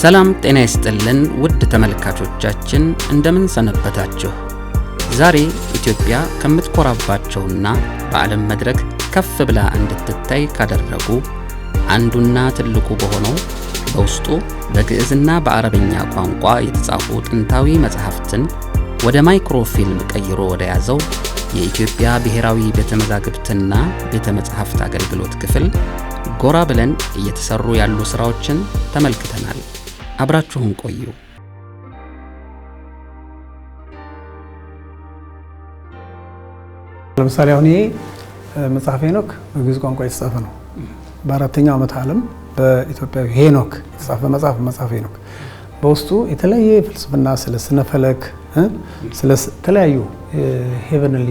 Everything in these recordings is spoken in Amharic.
ሰላም ጤና ይስጥልን ውድ ተመልካቾቻችን እንደምን ሰነበታችሁ? ዛሬ ኢትዮጵያ ከምትኮራባቸውና በዓለም መድረክ ከፍ ብላ እንድትታይ ካደረጉ አንዱና ትልቁ በሆነው በውስጡ በግዕዝና በአረብኛ ቋንቋ የተጻፉ ጥንታዊ መጽሕፍትን ወደ ማይክሮፊልም ቀይሮ ወደ ያዘው የኢትዮጵያ ብሔራዊ ቤተ መዛግብትና ቤተ አገልግሎት ክፍል ጎራ ብለን እየተሰሩ ያሉ ሥራዎችን ተመልክተናል። አብራችሁን ቆዩ። ለምሳሌ አሁን ይሄ መጽሐፍ ሄኖክ በግዕዝ ቋንቋ የተጻፈ ነው። በአራተኛው ዓመት ዓለም በኢትዮጵያ ሄኖክ የተጻፈ መጽሐፍ መጽሐፍ ሄኖክ በውስጡ የተለያየ ፍልስፍና ስለ ስነፈለክ ስለ ተለያዩ ሄቨንሊ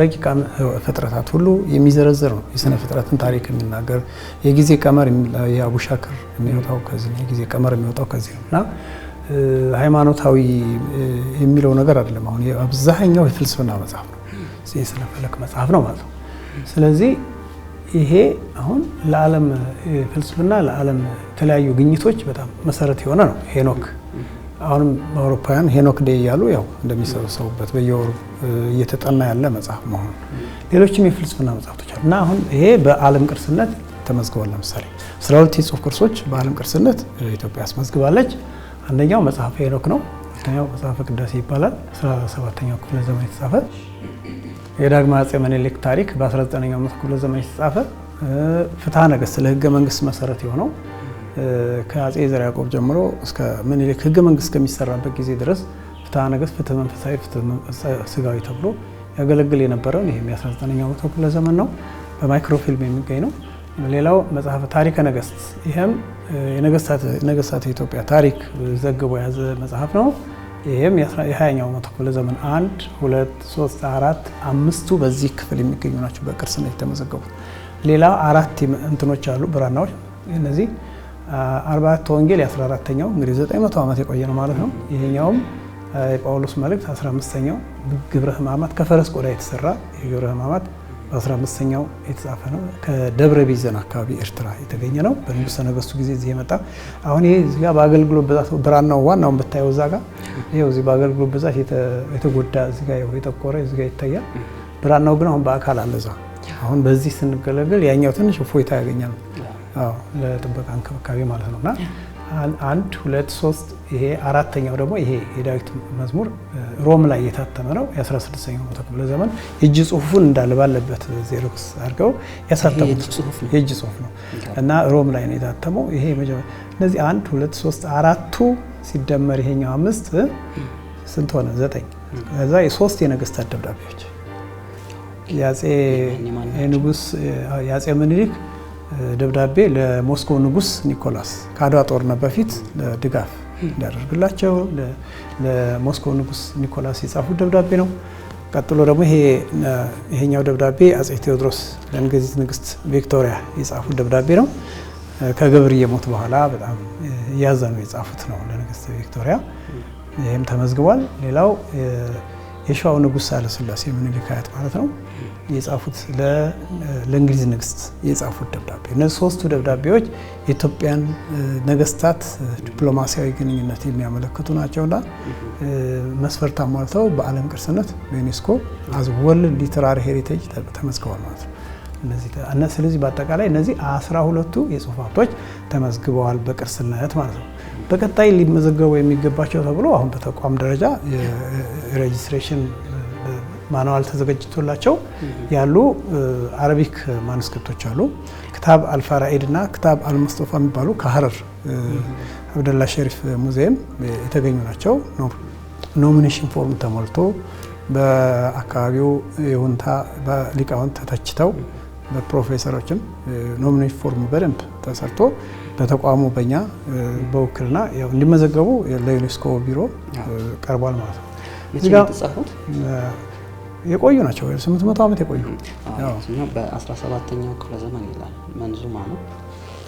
ረቂቃን ፍጥረታት ሁሉ የሚዘረዘር ነው። የስነ ፍጥረትን ታሪክ የሚናገር የጊዜ ቀመር የአቡሻክር የሚወጣው ከዚህ የጊዜ ቀመር የሚወጣው ከዚህ ነው እና ሃይማኖታዊ የሚለው ነገር አይደለም። አሁን አብዛኛው የፍልስፍና መጽሐፍ ነው፣ የስነ ፈለክ መጽሐፍ ነው ማለት ነው። ስለዚህ ይሄ አሁን ለዓለም ፍልስፍና ለዓለም የተለያዩ ግኝቶች በጣም መሰረት የሆነ ነው ሄኖክ አሁንም አውሮፓውያን ሄኖክ ዴይ እያሉ ያው እንደሚሰበሰቡበት በየወሩ እየተጠና ያለ መጽሐፍ መሆኑ ሌሎችም የፍልስፍና መጽሐፍቶች አሉ እና አሁን ይሄ በዓለም ቅርስነት ተመዝግቧል። ለምሳሌ አስራ ሁለት የጽሁፍ ቅርሶች በዓለም ቅርስነት ኢትዮጵያ አስመዝግባለች። አንደኛው መጽሐፈ ሄኖክ ነው። ሁለተኛው መጽሐፈ ቅዳሴ ይባላል። አስራ ሰባተኛው ክፍለ ዘመን የተጻፈ የዳግማዊ አፄ ምኒልክ ታሪክ በ19ኛው ክፍለ ዘመን የተጻፈ ፍትሐ ነገሥት ለህገ መንግስት መሰረት የሆነው ከአጼ ዘርዓ ያዕቆብ ጀምሮ እስከ ምኒልክ ህገ መንግስት እስከሚሰራበት ጊዜ ድረስ ፍትሐ ነገስት ፍትህ መንፈሳዊ፣ ፍትህ ስጋዊ ተብሎ ያገለግል የነበረው ይህም የ19ኛው መቶ ክፍለ ዘመን ነው። በማይክሮፊልም የሚገኝ ነው። ሌላው መጽሐፈ ታሪከ ነገሥት፣ ይህም የነገስታት የኢትዮጵያ ታሪክ ዘግቦ የያዘ መጽሐፍ ነው። ይህም የ20ኛው መቶ ክፍለ ዘመን አንድ ሁለት ሶስት አራት አምስቱ በዚህ ክፍል የሚገኙ ናቸው። በቅርስነት የተመዘገቡት ሌላ አራት እንትኖች አሉ ብራናዎች እነዚህ አርባዕቱ ወንጌል የ14ተኛው እንግዲህ 900 ዓመት የቆየ ነው ማለት ነው። ይሄኛውም የጳውሎስ መልእክት 15ኛው ግብረ ሕማማት ከፈረስ ቆዳ የተሰራ የግብረ ሕማማት በ15ኛው የተጻፈ ነው። ከደብረ ቢዘን አካባቢ ኤርትራ የተገኘ ነው። በንጉሠ ነገሥቱ ጊዜ እዚህ የመጣ አሁን ይሄ እዚህ ጋር በአገልግሎት ብዛት ብራናው ዋናውን ብታየው እዛ ጋር ይኸው እዚህ በአገልግሎት ብዛት የተጎዳ እዚህ ጋር የጠቆረ እዚህ ጋር ይታያል። ብራናው ግን አሁን በአካል አለ እዛ። አሁን በዚህ ስንገለገል ያኛው ትንሽ እፎይታ ያገኛል። ለጥበቃ እንክብካቤ ማለት ነው እና አንድ ሁለት ሶስት ይሄ አራተኛው ደግሞ ይሄ የዳዊት መዝሙር ሮም ላይ የታተመ ነው። የ16ኛው መቶ ክፍለ ዘመን የእጅ ጽሁፉን እንዳለ ባለበት ዜሮክስ አድርገው ያሳተሙት የእጅ ጽሁፍ ነው እና ሮም ላይ ነው የታተመው። ይሄ እነዚህ አንድ ሁለት ሶስት አራቱ ሲደመር ይሄኛው አምስት ስንት ሆነ? ዘጠኝ ከዛ የሶስት የነገስታት ደብዳቤዎች የአጼ ንጉስ የአጼ ምኒልክ ደብዳቤ ለሞስኮ ንጉስ ኒኮላስ ከአድዋ ጦርነት በፊት ድጋፍ እንዲያደርግላቸው ለሞስኮ ንጉስ ኒኮላስ የጻፉት ደብዳቤ ነው። ቀጥሎ ደግሞ ይሄኛው ደብዳቤ አፄ ቴዎድሮስ ለእንግሊዝ ንግስት ቪክቶሪያ የጻፉት ደብዳቤ ነው። ከግብር ሞት በኋላ በጣም እያዘኑ የጻፉት ነው ለንግስት ቪክቶሪያ። ይህም ተመዝግቧል። ሌላው የሸዋው ንጉሥ አለስላሴ ምኒልክ አያት ማለት ነው የጻፉት ለእንግሊዝ ንግስት የጻፉት ደብዳቤ። እነዚህ ሶስቱ ደብዳቤዎች የኢትዮጵያን ነገስታት ዲፕሎማሲያዊ ግንኙነት የሚያመለክቱ ናቸውና መስፈርት አሟልተው በዓለም ቅርስነት በዩኔስኮ አዝ ወርልድ ሊተራሪ ሄሪቴጅ ተመዝግበዋል ማለት ነው። ስለዚህ በአጠቃላይ እነዚህ አስራ ሁለቱ የጽሁፍ ሀብቶች ተመዝግበዋል በቅርስነት ማለት ነው። በቀጣይ ሊመዘገቡ የሚገባቸው ተብሎ አሁን በተቋም ደረጃ ሬጅስትሬሽን ማንዋል ተዘጋጅቶላቸው ያሉ አረቢክ ማኑስክሪፕቶች አሉ። ክታብ አልፋራኤድ እና ክታብ አልሙስጠፋ የሚባሉ ከሀረር አብደላ ሸሪፍ ሙዚየም የተገኙ ናቸው። ኖሚኔሽን ፎርም ተሞልቶ በአካባቢው የሁንታ ሊቃውንት ተተችተው በፕሮፌሰሮችም ኖሚኔሽን ፎርም በደንብ ተሰርቶ በተቋሙ በእኛ በውክልና እንዲመዘገቡ ለዩኔስኮ ቢሮ ቀርቧል ማለት ነው። የቆዩ ናቸው። ወይ 800 ዓመት የቆዩ በ17ኛው ክፍለ ዘመን ይላል መንዙማ ነው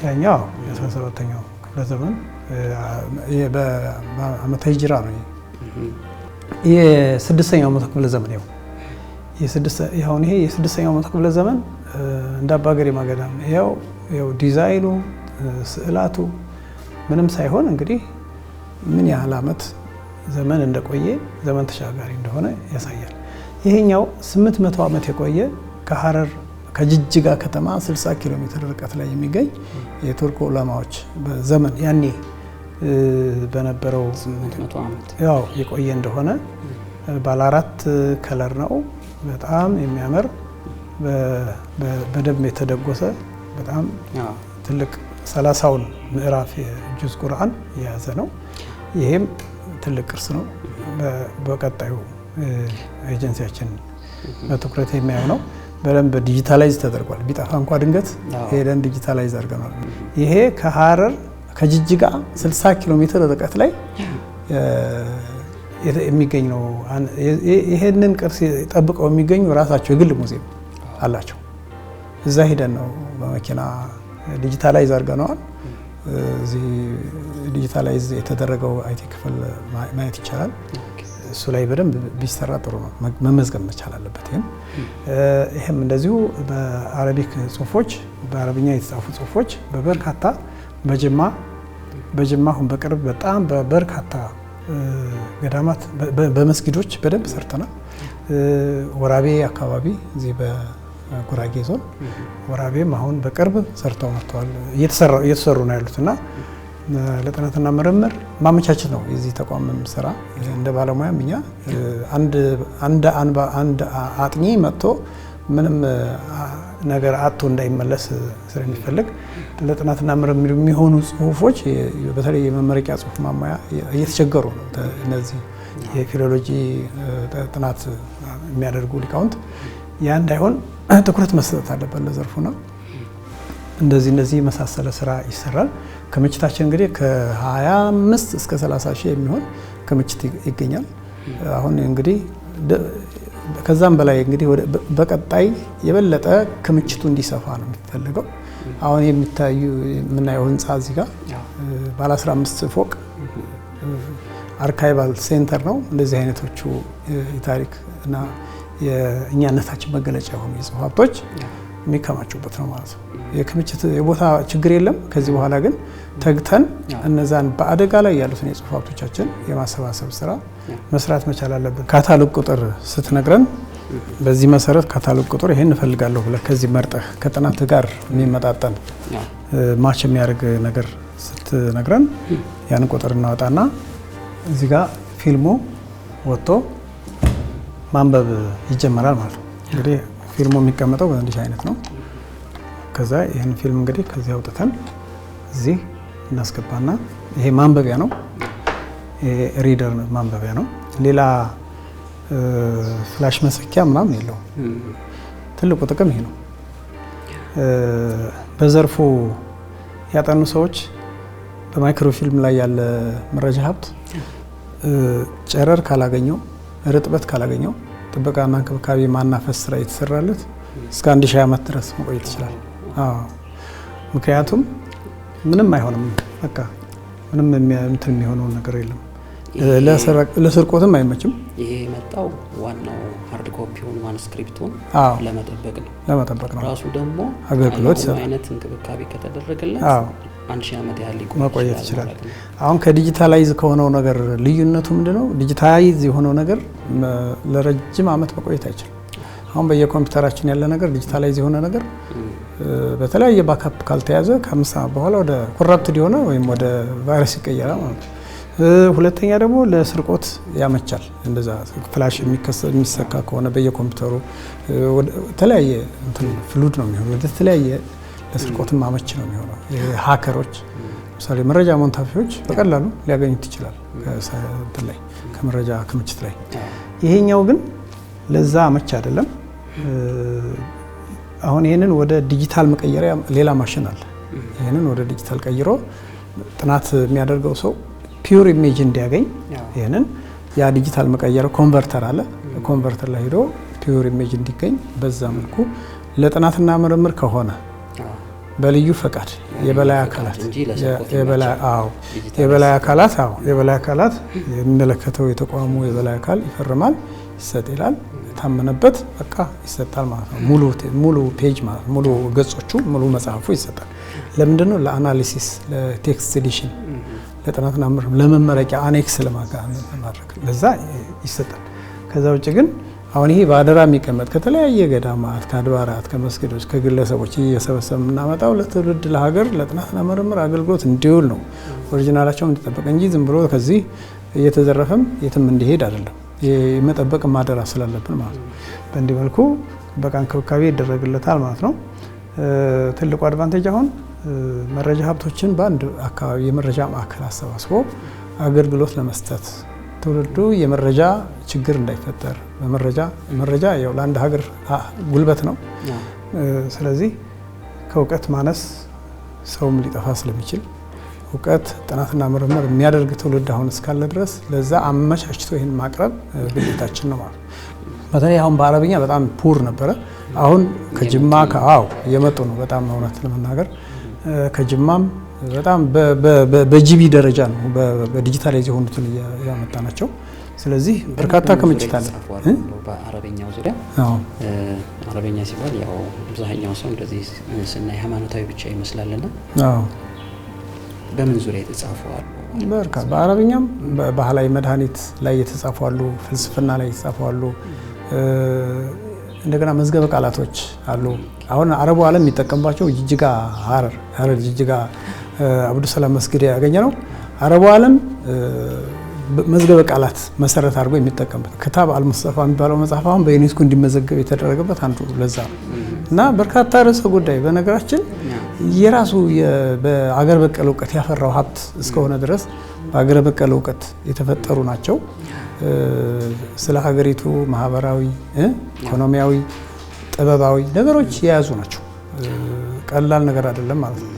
ያኛው የ17ኛው ክፍለ ዘመን በአመተ ሂጅራ ነው። የስድስተኛው መቶ ክፍለ ዘመን ይኸው ይሁን ይሄ የስድስተኛው መቶ ክፍለ ዘመን እንደ አባገሪ ማገዳም ይኸው ዲዛይኑ ስዕላቱ ምንም ሳይሆን እንግዲህ ምን ያህል ዓመት ዘመን እንደቆየ ዘመን ተሻጋሪ እንደሆነ ያሳያል። ይሄኛው 800 ዓመት የቆየ ከሐረር ከጅጅጋ ከተማ 60 ኪሎ ሜትር ርቀት ላይ የሚገኝ የቱርክ ዑለማዎች በዘመን ያኔ በነበረው ያው የቆየ እንደሆነ ባለ አራት ከለር ነው። በጣም የሚያምር በደንብ የተደጎሰ በጣም ትልቅ ሰላሳውን ምዕራፍ የጁዝ ቁርአን የያዘ ነው። ይሄም ትልቅ ቅርስ ነው። በቀጣዩ ኤጀንሲያችን በትኩረት የሚያየው ነው። በደንብ ዲጂታላይዝ ተደርጓል። ቢጠፋ እንኳ ድንገት ሄደን ዲጂታላይዝ አድርገናል። ይሄ ከሀረር ከጅጅጋ 60 ኪሎ ሜትር ርቀት ላይ የሚገኝ ነው። ይሄንን ቅርስ ጠብቀው የሚገኙ ራሳቸው የግል ሙዚየም አላቸው። እዛ ሄደን ነው በመኪና ዲጂታላይዝ አድርገነዋል። እዚህ ዲጂታላይዝ የተደረገው አይቲ ክፍል ማየት ይቻላል። እሱ ላይ በደንብ ቢሰራ ጥሩ ነው። መመዝገብ መቻል አለበት። ይህም ይህም እንደዚሁ በአረቢክ ጽሁፎች በአረብኛ የተጻፉ ጽሁፎች በበርካታ በጅማ በጅማ አሁን በቅርብ በጣም በበርካታ ገዳማት በመስጊዶች በደንብ ሰርተናል። ወራቤ አካባቢ እዚህ ጉራጌ ዞን ወራቤም አሁን በቅርብ ሰርተው መጥተዋል። እየተሰሩ ነው ያሉት እና ለጥናትና ምርምር ማመቻቸት ነው የዚህ ተቋም ስራ። እንደ ባለሙያም እኛ አንድ አጥኚ መጥቶ ምንም ነገር አቶ እንዳይመለስ ስለሚፈልግ ለጥናትና ምርምር የሚሆኑ ጽሁፎች በተለይ የመመረቂያ ጽሁፍ ማሟያ እየተቸገሩ ነው። እነዚህ የፊሎሎጂ ጥናት የሚያደርጉ ሊቃውንት ያ እንዳይሆን ትኩረት መስጠት አለበት ለዘርፉ ነው። እንደዚህ እንደዚህ የመሳሰለ ስራ ይሰራል። ክምችታችን እንግዲህ ከ25 እስከ 30 ሺህ የሚሆን ክምችት ይገኛል። አሁን እንግዲህ ከዛም በላይ እንግዲህ በቀጣይ የበለጠ ክምችቱ እንዲሰፋ ነው የሚፈልገው። አሁን የሚታዩ የምናየው ህንፃ እዚህ ጋር ባለ 15 ፎቅ አርካይቫል ሴንተር ነው። እንደዚህ አይነቶቹ የታሪክ እና የእኛነታችን መገለጫ የሆኑ የጽሁፍ ሀብቶች የሚከማቹበት ነው ማለት ነው። የክምችት የቦታ ችግር የለም። ከዚህ በኋላ ግን ተግተን እነዛን በአደጋ ላይ ያሉትን የጽሁፍ ሀብቶቻችን የማሰባሰብ ስራ መስራት መቻል አለብን። ካታሎግ ቁጥር ስትነግረን በዚህ መሰረት ካታሎግ ቁጥር ይሄን እንፈልጋለሁ ብለህ ከዚህ መርጠህ ከጥናት ጋር የሚመጣጠን ማች የሚያደርግ ነገር ስትነግረን ያን ቁጥር እናወጣና እዚህ ጋር ፊልሙ ወጥቶ ማንበብ ይጀመራል ማለት ነው። እንግዲህ ፊልሙ የሚቀመጠው በእንዲህ አይነት ነው። ከዛ ይህን ፊልም እንግዲህ ከዚህ አውጥተን እዚህ እናስገባና ይሄ ማንበቢያ ነው፣ ሪደር ማንበቢያ ነው። ሌላ ፍላሽ መሰኪያ ምናምን የለውም። ትልቁ ጥቅም ይሄ ነው። በዘርፉ ያጠኑ ሰዎች በማይክሮፊልም ላይ ያለ መረጃ ሀብት ጨረር ካላገኘው፣ ርጥበት ካላገኘው ጥበቃና እንክብካቤ ማናፈስ ስራ የተሰራለት እስከ አንድ ሺህ ዓመት ድረስ መቆየት ይችላል። ምክንያቱም ምንም አይሆንም፣ በቃ ምንም እንትን የሚሆነውን ነገር የለም። ለስርቆትም አይመችም። ይሄ የመጣው ዋናው ሀርድ ኮፒውን ማንስክሪፕቱን ለመጠበቅ ነው። ለመጠበቅ ነው ራሱ ደግሞ አገልግሎት አይነት እንክብካቤ ከተደረገለት አንድ ሺህ ዓመት ያህል መቆየት ይችላል። አሁን ከዲጂታላይዝ ከሆነው ነገር ልዩነቱ ምንድነው? ዲጂታላይዝ የሆነው ነገር ለረጅም ዓመት መቆየት አይችልም። አሁን በየኮምፒውተራችን ያለ ነገር ዲጂታላይዝ የሆነ ነገር በተለያየ ባካፕ ካልተያዘ ከአምስት ዓመት በኋላ ወደ ኮራፕትድ የሆነ ወይም ወደ ቫይረስ ይቀየራል ማለት ነው። ሁለተኛ ደግሞ ለስርቆት ያመቻል። እንደዛ ፍላሽ የሚሰካ ከሆነ በየኮምፒውተሩ ተለያየ ፍሉድ ነው የሚሆን ወደ ተለያየ ለስርቆትም አመች ነው የሚሆነው። ሀከሮች ምሳሌ መረጃ መንታፊዎች በቀላሉ ሊያገኙት ይችላል ላይ ከመረጃ ክምችት ላይ። ይሄኛው ግን ለዛ አመች አይደለም። አሁን ይህንን ወደ ዲጂታል መቀየሪያ ሌላ ማሽን አለ። ይህንን ወደ ዲጂታል ቀይሮ ጥናት የሚያደርገው ሰው ፒውር ኢሜጅ እንዲያገኝ ይህንን ያ ዲጂታል መቀየር ኮንቨርተር አለ። ኮንቨርተር ላይ ሄዶ ፒውር ኢሜጅ እንዲገኝ በዛ መልኩ ለጥናትና ምርምር ከሆነ በልዩ ፈቃድ የበላይ አካላት የበላይ አካላት አዎ የበላይ አካላት የሚመለከተው የተቋሙ የበላይ አካል ይፈርማል፣ ይሰጥ ይላል። የታመነበት በቃ ይሰጣል ማለት ነው። ሙሉ ፔጅ ማለት ሙሉ ገጾቹ ሙሉ መጽሐፉ ይሰጣል። ለምንድን ነው? ለአናሊሲስ፣ ለቴክስት ኤዲሽን፣ ለጥናትና ምርምር፣ ለመመረቂያ አኔክስ ለማድረግ ለዛ ይሰጣል። ከዛ ውጭ ግን አሁን ይሄ በአደራ የሚቀመጥ ከተለያየ ገዳማት፣ ከአድባራት፣ ከመስጊዶች፣ ከግለሰቦች እየሰበሰብ የምናመጣው ለትውልድ ለሀገር ለጥናት ለምርምር አገልግሎት እንዲውል ነው። ኦሪጂናላቸው እንዲጠበቅ እንጂ ዝም ብሎ ከዚህ እየተዘረፈም የትም እንዲሄድ አይደለም። የመጠበቅ ማደራ ስላለብን ማለት ነው። በእንዲህ መልኩ በቃ እንክብካቤ ይደረግለታል ማለት ነው። ትልቁ አድቫንቴጅ አሁን መረጃ ሀብቶችን በአንድ አካባቢ የመረጃ ማዕከል አሰባስቦ አገልግሎት ለመስጠት ትውልዱ የመረጃ ችግር እንዳይፈጠር በመረጃ መረጃ ያው ለአንድ ሀገር ጉልበት ነው። ስለዚህ ከእውቀት ማነስ ሰውም ሊጠፋ ስለሚችል እውቀት ጥናትና ምርምር የሚያደርግ ትውልድ አሁን እስካለ ድረስ ለዛ አመቻችቶ ይህን ማቅረብ ግዴታችን ነው ማለት ነው። በተለይ አሁን በአረብኛ በጣም ፑር ነበረ። አሁን ከጅማ ከአው እየመጡ ነው በጣም እውነት ለመናገር ከጅማም በጣም በጂቢ ደረጃ ነው በዲጂታላይዝ የሆኑትን ያመጣ ናቸው። ስለዚህ በርካታ ክምችት አለ። በአረበኛው ዙሪያ አረበኛ ሲባል ያው አብዛኛው ሰው እንደዚህ ስናይ ሃይማኖታዊ ብቻ ይመስላልና በምን ዙሪያ የተጻፉ አሉ? በአረብኛም ባህላዊ መድኃኒት ላይ የተጻፉ አሉ፣ ፍልስፍና ላይ የተጻፉ አሉ። እንደገና መዝገበ ቃላቶች አሉ። አሁን አረቡ ዓለም የሚጠቀምባቸው ጅጅጋ ሀረር ሀረር ጅጅጋ አብዱሰላም መስጊድ ያገኘ ነው። አረቡ ዓለም መዝገበ ቃላት መሰረት አድርጎ የሚጠቀምበት ክታብ አልሙስጠፋ የሚባለው መጽሐፍ አሁን በዩኔስኮ እንዲመዘገብ የተደረገበት አንዱ ለዛ ነው እና በርካታ ርዕሰ ጉዳይ በነገራችን የራሱ በአገር በቀል እውቀት ያፈራው ሀብት እስከሆነ ድረስ በአገር በቀል እውቀት የተፈጠሩ ናቸው። ስለ ሀገሪቱ ማህበራዊ፣ ኢኮኖሚያዊ፣ ጥበባዊ ነገሮች የያዙ ናቸው። ቀላል ነገር አይደለም ማለት ነው።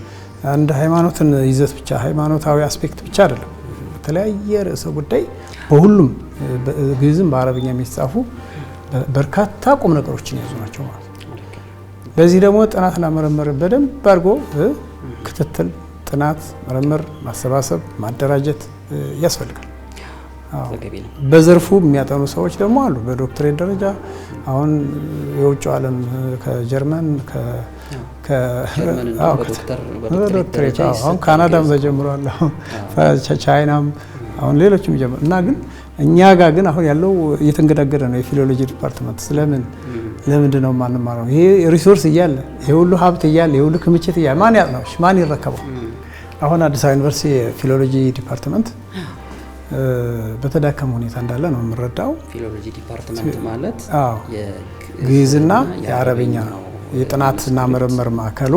አንድ ሃይማኖትን ይዘት ብቻ ሃይማኖታዊ አስፔክት ብቻ አይደለም። በተለያየ ርዕሰ ጉዳይ በሁሉም በግዕዝም በአረብኛ የሚጻፉ በርካታ ቁም ነገሮችን የያዙ ናቸው ማለት ነው። ለዚህ ደግሞ ጥናትና ምርምር በደንብ አድርጎ ክትትል፣ ጥናት፣ ምርምር፣ ማሰባሰብ፣ ማደራጀት ያስፈልጋል። ተገቢ ነው። በዘርፉ የሚያጠኑ ሰዎች ደግሞ አሉ። በዶክትሬት ደረጃ አሁን የውጭ ዓለም ከጀርመን በዶክትሬት ካናዳም ተጀምሯል፣ ቻይናም አሁን ሌሎችም ጀምሩ እና ግን እኛ ጋር ግን አሁን ያለው እየተንገዳገደ ነው። የፊሎሎጂ ዲፓርትመንት ስለምን ለምንድን ነው የማንማረው? ይሄ ሪሶርስ እያለ ይሄ ሁሉ ሀብት እያለ ይሄ ሁሉ ክምችት እያለ ማን ያጥናውሽ? ማን ይረከበው? አሁን አዲስ አበባ ዩኒቨርሲቲ የፊሎሎጂ ዲፓርትመንት በተዳከመ ሁኔታ እንዳለ ነው የምረዳው ፊሎሎጂ ዲፓርትመንት ማለት ግዕዝና የአረብኛ የጥናትና ምርምር ማዕከሉ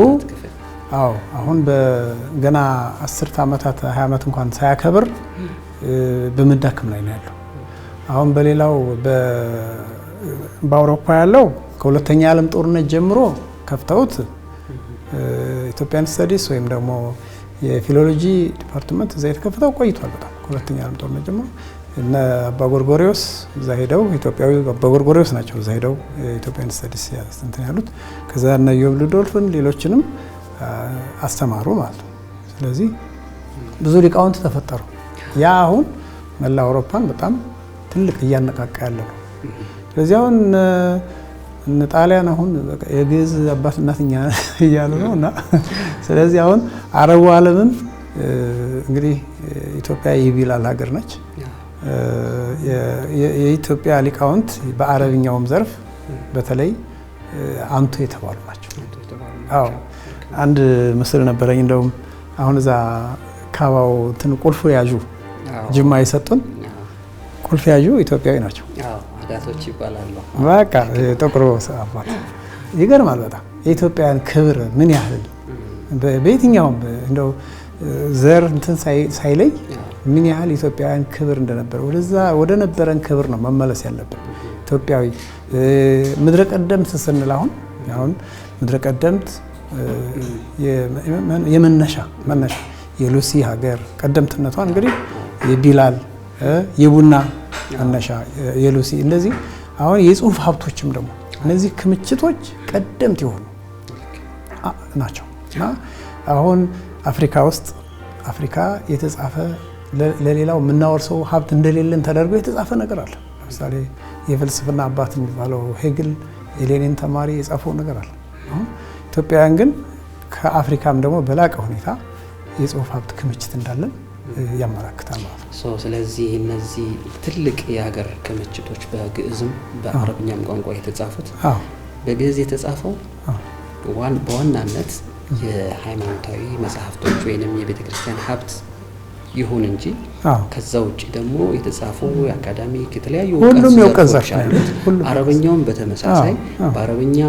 አዎ አሁን በገና አስርተ ዓመታት ሀያ ዓመት እንኳን ሳያከብር በመዳከም ላይ ነው ያለው። አሁን በሌላው በአውሮፓ ያለው ከሁለተኛ ዓለም ጦርነት ጀምሮ ከፍተውት ኢትዮጵያን ስተዲስ ወይም ደግሞ የፊሎሎጂ ዲፓርትመንት እዛ የተከፍተው ቆይቷል በጣም ሁለተኛ ዓለም ጦርነት ጀምሮ እነ አባ ጎርጎሪዎስ እዛ ሄደው ኢትዮጵያዊ አባ ጎርጎሪዎስ ናቸው እዛ ሄደው ኢትዮጵያን ስተዲስ እንትን ያሉት። ከዛ እነ ኢዮብ ሉዶልፍን ሌሎችንም አስተማሩ ማለት ነው። ስለዚህ ብዙ ሊቃውንት ተፈጠሩ። ያ አሁን መላ አውሮፓን በጣም ትልቅ እያነቃቃ ያለ ነው። ስለዚህ አሁን ጣሊያን አሁን የግዕዝ አባት እናት እኛ እያሉ ነው እና ስለዚህ አሁን አረቡ ዓለምም እንግዲህ ኢትዮጵያ የቢላል ሀገር ነች። የኢትዮጵያ ሊቃውንት በአረብኛውም ዘርፍ በተለይ አንቱ የተባሉ ናቸው። አዎ አንድ ምስል ነበረኝ። እንደውም አሁን እዛ ካባው እንትን ቁልፍ ያዡ ጅማ የሰጡን ቁልፍ ያዡ ኢትዮጵያዊ ናቸው። በቃ ጥቁር አባት ይገርማል። በጣም የኢትዮጵያን ክብር ምን ያህል በየትኛውም እንደው ዘር እንትን ሳይለይ ምን ያህል ኢትዮጵያውያን ክብር እንደነበረ ወደዛ ወደ ነበረን ክብር ነው መመለስ ያለብን። ኢትዮጵያዊ ምድረ ቀደምት ስንል አሁን አሁን ምድረ ቀደምት የመነሻ መነሻ የሉሲ ሀገር ቀደምትነቷ እንግዲህ የቢላል የቡና መነሻ የሉሲ እንደዚህ አሁን የጽሁፍ ሀብቶችም ደግሞ እነዚህ ክምችቶች ቀደምት የሆኑ ናቸው እና አሁን አፍሪካ ውስጥ አፍሪካ የተጻፈ ለሌላው የምናወርሰው ሀብት እንደሌለን ተደርጎ የተጻፈ ነገር አለ። ለምሳሌ የፍልስፍና አባት የሚባለው ሄግል የሌኒን ተማሪ የጻፈው ነገር አለ። ኢትዮጵያውያን ግን ከአፍሪካም ደግሞ በላቀ ሁኔታ የጽሁፍ ሀብት ክምችት እንዳለን ያመላክታል ማለት ነው። ስለዚህ እነዚህ ትልቅ የሀገር ክምችቶች በግዕዝም በአረብኛም ቋንቋ የተጻፉት በግዕዝ የተጻፈው በዋናነት የሃይማኖታዊ መጽሐፍቶች ወይንም የቤተ ክርስቲያን ሀብት ይሁን እንጂ ከዛ ውጭ ደግሞ የተጻፉ የአካዳሚክ የተለያዩ እውቀቶች አሉት። አረበኛውን በተመሳሳይ በአረበኛ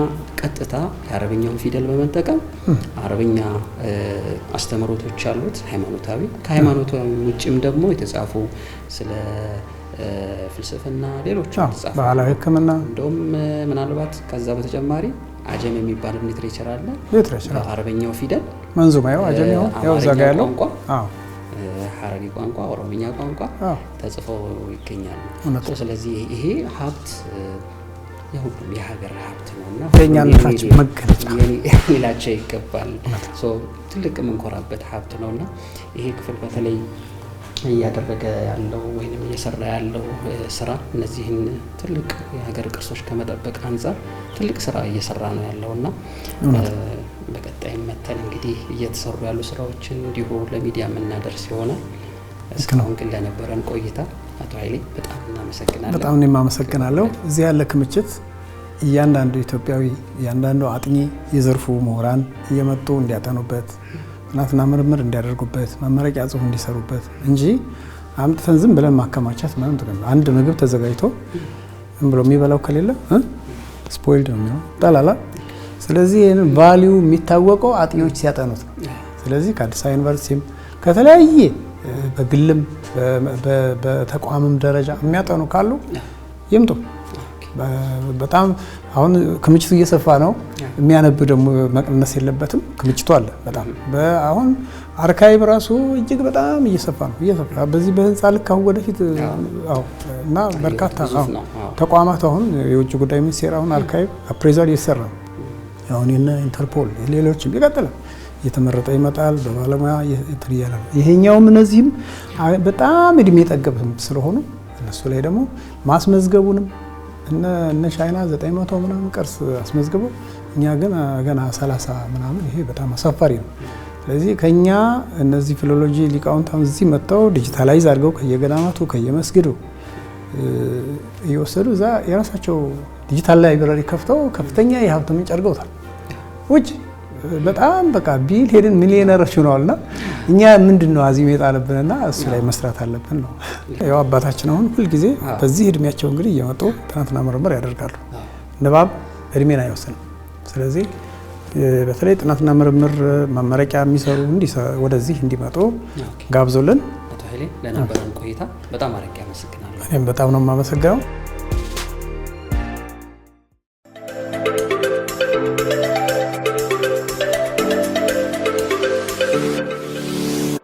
ቀጥታ የአረበኛውን ፊደል በመጠቀም አረበኛ አስተምሮቶች አሉት ሃይማኖታዊ። ከሃይማኖታዊ ውጭም ደግሞ የተጻፉ ስለ ፍልስፍና፣ ሌሎች ባህላዊ ሕክምና እንደውም ምናልባት ከዛ በተጨማሪ አጀም የሚባል ሊትሬቸር አለ። አረበኛው ፊደል መንዙማ ያው አጀም ያው እዛ ጋ ያለው ቋንቋ፣ ሀረሪ ቋንቋ፣ ኦሮምኛ ቋንቋ ተጽፎ ይገኛል። ስለዚህ ይሄ ሀብት የሁሉም የሀገር ሀብት ነው እና መገለጫ ሌላቸው ይገባል። ትልቅ የምንኮራበት ሀብት ነው ይሄ ክፍል በተለይ እያደረገ ያለው ወይም እየሰራ ያለው ስራ እነዚህን ትልቅ የሀገር ቅርሶች ከመጠበቅ አንጻር ትልቅ ስራ እየሰራ ነው ያለው እና በቀጣይ መተን እንግዲህ እየተሰሩ ያሉ ስራዎችን እንዲሁ ለሚዲያ የምናደርስ ይሆናል። እስካሁን ግን ለነበረን ቆይታ አቶ ኃይሌ በጣም እናመሰግናለን። በጣም እኔም አመሰግናለሁ። እዚህ ያለ ክምችት እያንዳንዱ ኢትዮጵያዊ እያንዳንዱ አጥኚ የዘርፉ ምሁራን እየመጡ እንዲያጠኑበት ጥናትና ምርምር እንዲያደርጉበት መመረቂያ ጽሁፍ እንዲሰሩበት እንጂ አምጥተን ዝም ብለን ማከማቻት ምንም ጥቅም አንድ ምግብ ተዘጋጅቶ ዝም ብሎ የሚበላው ከሌለ ስፖይልድ ነው የሚሆን ጠላላ። ስለዚህ ይህን ቫሊዩ የሚታወቀው አጥኚዎች ሲያጠኑት ነው። ስለዚህ ከአዲስ አበባ ዩኒቨርሲቲም ከተለያየ በግልም በተቋምም ደረጃ የሚያጠኑ ካሉ ይምጡ። በጣም አሁን ክምችቱ እየሰፋ ነው። የሚያነብ ደግሞ መቀነስ የለበትም። ክምችቱ አለ በጣም አሁን አርካይብ ራሱ እጅግ በጣም እየሰፋ ነው እየሰፋ በዚህ በህንፃ ልክ አሁን ወደፊት እና በርካታ ተቋማት አሁን የውጭ ጉዳይ ሚኒስቴር አሁን አርካይብ አፕሬዛል እየሰራ አሁን የነ ኢንተርፖል ሌሎችም ይቀጥላል እየተመረጠ ይመጣል በባለሙያ ትያለ ይሄኛውም እነዚህም በጣም እድሜ ጠገብ ስለሆኑ እነሱ ላይ ደግሞ ማስመዝገቡንም እነ እነ ቻይና 900 ምናምን ቅርስ አስመዝግበው እኛ ግን ገና 30 ምናምን። ይሄ በጣም አሳፋሪ ነው። ስለዚህ ከኛ እነዚህ ፊሎሎጂ ሊቃውንት አሁን እዚህ መጥተው ዲጂታላይዝ አድርገው ከየገዳማቱ ከየመስጊዱ እየወሰዱ እዛ የራሳቸው ዲጂታል ላይብረሪ ከፍተው ከፍተኛ የሀብት ምንጭ አድርገውታል ውጭ በጣም በቃ ቢል ሄድን ሚሊዮነሮች ሆነዋልና እኛ ምንድን ነው አዚም የጣለብንና እሱ ላይ መስራት አለብን ነው። ያው አባታችን አሁን ሁልጊዜ በዚህ እድሜያቸው እንግዲህ እየመጡ ጥናትና ምርምር ያደርጋሉ። ንባብ እድሜን አይወስንም። ስለዚህ በተለይ ጥናትና ምርምር መመረቂያ የሚሰሩ ወደዚህ እንዲመጡ ጋብዞልን ለነበረን ቆይታ በጣም አረቅ ያመሰግናለሁ። እኔም በጣም ነው የማመሰግነው።